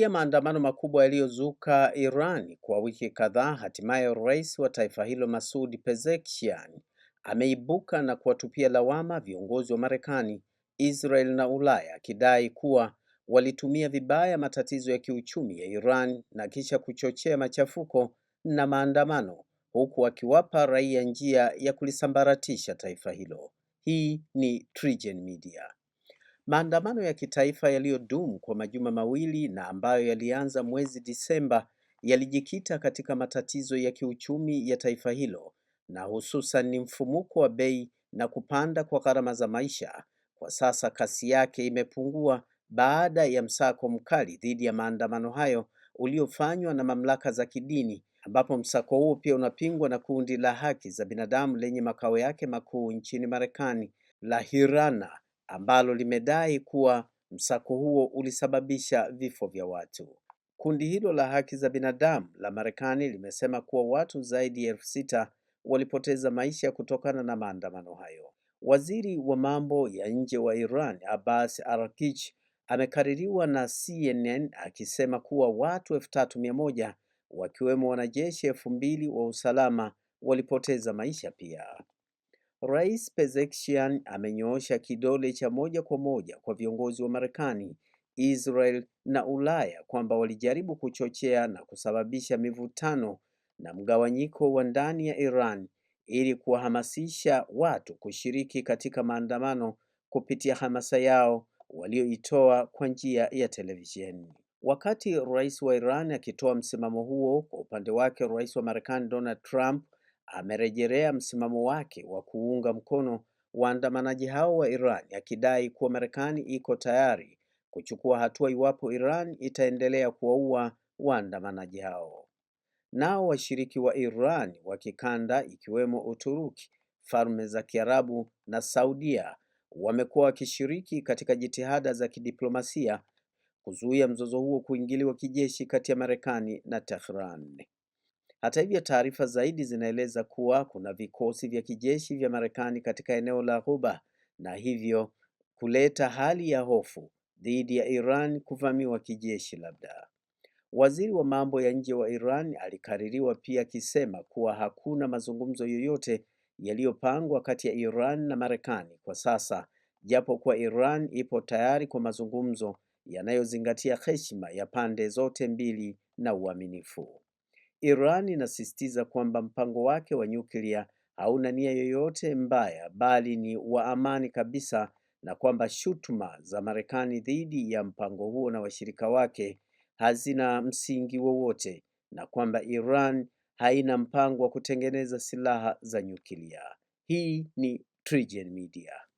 Kufuatia maandamano makubwa yaliyozuka Iran kwa wiki kadhaa, hatimaye rais wa taifa hilo Masoud Pezeshkian ameibuka na kuwatupia lawama viongozi wa Marekani, Israel na Ulaya akidai kuwa walitumia vibaya matatizo ya kiuchumi ya Iran na kisha kuchochea machafuko na maandamano huku akiwapa raia njia ya kulisambaratisha taifa hilo. Hii ni TriGen Media. Maandamano ya kitaifa yaliyodumu kwa majuma mawili na ambayo yalianza mwezi Disemba yalijikita katika matatizo ya kiuchumi ya taifa hilo na hususan ni mfumuko wa bei na kupanda kwa gharama za maisha. Kwa sasa kasi yake imepungua baada ya msako mkali dhidi ya maandamano hayo uliofanywa na mamlaka za kidini, ambapo msako huo pia unapingwa na kundi la haki za binadamu lenye makao yake makuu nchini Marekani la Hirana ambalo limedai kuwa msako huo ulisababisha vifo vya watu. Kundi hilo la haki za binadamu la Marekani limesema kuwa watu zaidi ya elfu sita walipoteza maisha kutokana na maandamano hayo. Waziri wa mambo ya nje wa Iran Abbas Araghchi amekaririwa na CNN akisema kuwa watu elfu tatu mia moja wakiwemo wanajeshi elfu mbili wa usalama walipoteza maisha pia. Rais Pezeshkian amenyoosha kidole cha moja kwa moja kwa viongozi wa Marekani, Israel na Ulaya kwamba walijaribu kuchochea na kusababisha mivutano na mgawanyiko wa ndani ya Iran ili kuwahamasisha watu kushiriki katika maandamano kupitia hamasa yao walioitoa kwa njia ya televisheni. Wakati rais wa Iran akitoa msimamo huo, kwa upande wake rais wa Marekani Donald Trump amerejelea msimamo wake wa kuunga mkono waandamanaji hao wa Iran akidai kuwa Marekani iko tayari kuchukua hatua iwapo Iran itaendelea kuwaua waandamanaji hao. Nao washiriki wa Iran wa kikanda ikiwemo Uturuki, Falme za Kiarabu na Saudia wamekuwa wakishiriki katika jitihada za kidiplomasia kuzuia mzozo huo kuingiliwa kijeshi kati ya Marekani na Tehran. Hata hivyo, taarifa zaidi zinaeleza kuwa kuna vikosi vya kijeshi vya Marekani katika eneo la Ghuba na hivyo kuleta hali ya hofu dhidi ya Iran kuvamiwa kijeshi labda. Waziri wa mambo ya nje wa Iran alikaririwa pia akisema kuwa hakuna mazungumzo yoyote yaliyopangwa kati ya Iran na Marekani kwa sasa, japo kuwa Iran ipo tayari kwa mazungumzo yanayozingatia heshima ya pande zote mbili na uaminifu. Iran inasisitiza kwamba mpango wake wa nyuklia hauna nia yoyote mbaya bali ni wa amani kabisa na kwamba shutuma za Marekani dhidi ya mpango huo na washirika wake hazina msingi wowote na kwamba Iran haina mpango wa kutengeneza silaha za nyuklia. Hii ni TriGen Media.